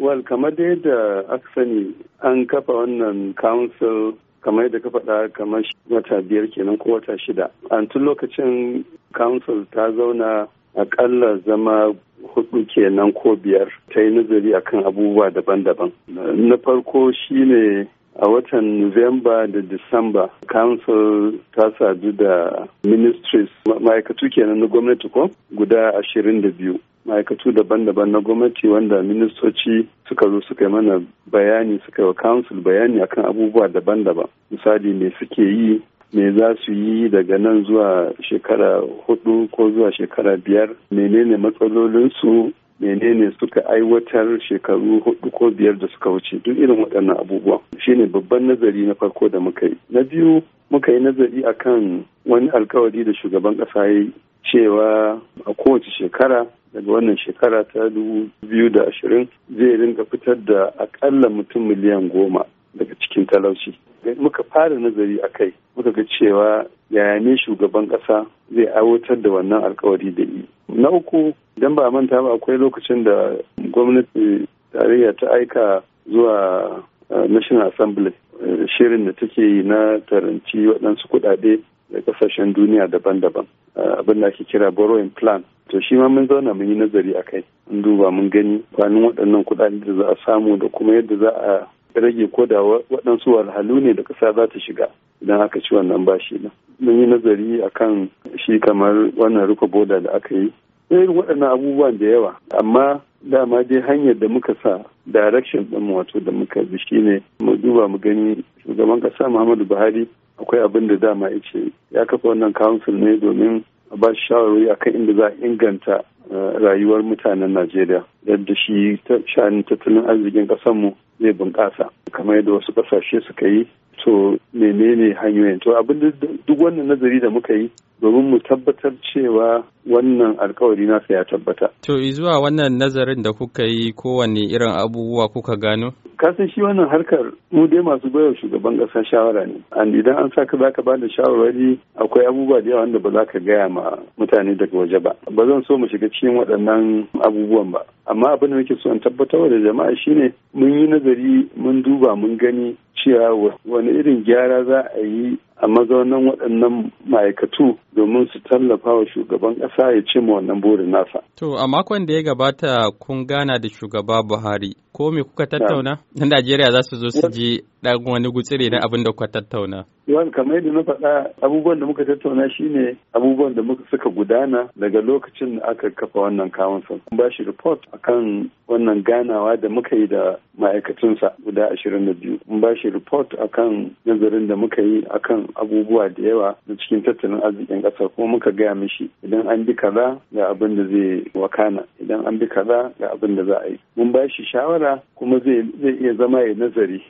Wal kamar dai da aka sani an kafa wannan council kamar yadda ka faɗa kamar wata biyar kenan ko wata shida. An tun lokacin council ta zauna akalla zama hudu kenan ko biyar ta yi nazari akan abubuwa daban-daban. Na farko shine a watan Nuwamba da Disamba, Council ta sadu da ministries ma'aikatu kenan na gwamnati ko guda ashirin da biyu. ma'aikatu daban-daban na gwamnati wanda ministoci suka zo suka yi mana bayani suka yi wa council bayani akan abubuwa daban-daban misali me suke yi me za su yi daga nan zuwa shekara hudu ko zuwa shekara biyar menene matsalolinsu menene suka aiwatar shekaru hudu ko biyar da suka wuce duk irin waɗannan abubuwa shine babban nazari na farko da muka yi na biyu muka yi nazari akan wani alkawari da shugaban ƙasa ya cewa a kowace shekara daga wannan shekara ta dubu biyu da ashirin zai ringa fitar da akalla mutum miliyan goma daga cikin talauci muka fara nazari a kai muka ga cewa yaya ne shugaban ƙasa zai aiwatar da wannan alkawari da yi na uku idan ba manta ba akwai lokacin da gwamnati tarayya ta aika zuwa eh, national assembly shirin da take yi na taranci waɗansu kuɗaɗe da ƙasashen duniya daban-daban abin da ake kira borrowing plan to shi ma mun zauna mun yi nazari a kai mun duba mun gani kwanin waɗannan kuɗaɗe da za a samu da kuma yadda za a rage ko da waɗansu wahalhalu ne da ƙasa za ta shiga idan aka ci wannan bashi na mun yi nazari akan shi kamar wannan rufe boda da aka yi irin eh, waɗannan abubuwan da yawa amma dama dai hanyar da muka sa direction ɗin wato da muka bi shine mu duba mu gani shugaban ƙasa Muhammadu Buhari akwai abin da dama ya ya kafa wannan council ne domin a ba shi shawarwari akan inda za a inganta eh, rayuwar mutanen Najeriya yadda shi ta shanin tattalin arzikin kasanmu zai bunƙasa kamar yadda wasu ƙasashe suka yi to menene hanyoyin to abin duk wannan nazari da muka yi domin mu tabbatar cewa wannan alkawari nasa ya tabbata. To zuwa wannan nazarin da kuka yi kowane irin abubuwa kuka gano? Kasan shi wannan harkar mu dai masu bayar shugaban ƙasa shawara ne. An idan an sa ka za ka bada shawarwari akwai abubuwa da yawa wanda ba za ka gaya ma mutane daga waje ba. Ba zan so mu shiga cikin waɗannan abubuwan ba. Amma abin da muke so in tabbatar da jama'a shine mun yi nazari mun duba mun gani cewa wani irin gyara za a yi a mazaunan waɗannan ma'aikatu domin su tallafa wa shugaban ƙasa ya ce ma wannan burin nasa. To, a makon da ya gabata kun gana da shugaba Buhari, ko me kuka tattauna? Na Najeriya za su zo su ji ɗan wani gutsire na abin da kuka tattauna. Yawan kamar yadda na faɗa abubuwan da muka tattauna shine abubuwan da muka suka gudana daga lokacin da aka kafa wannan council. sa ba shi report akan wannan ganawa da muka yi da ma'aikatunsa guda ashirin da biyu. ba shi report akan nazarin da muka yi akan abubuwa da yawa na cikin tattalin arzikin ƙasa kuma muka gaya mishi idan an bi kaza ga abin da zai wakana idan an bi kaza ga abin da za a yi mun ba shi shawara kuma zai iya zama ya nazari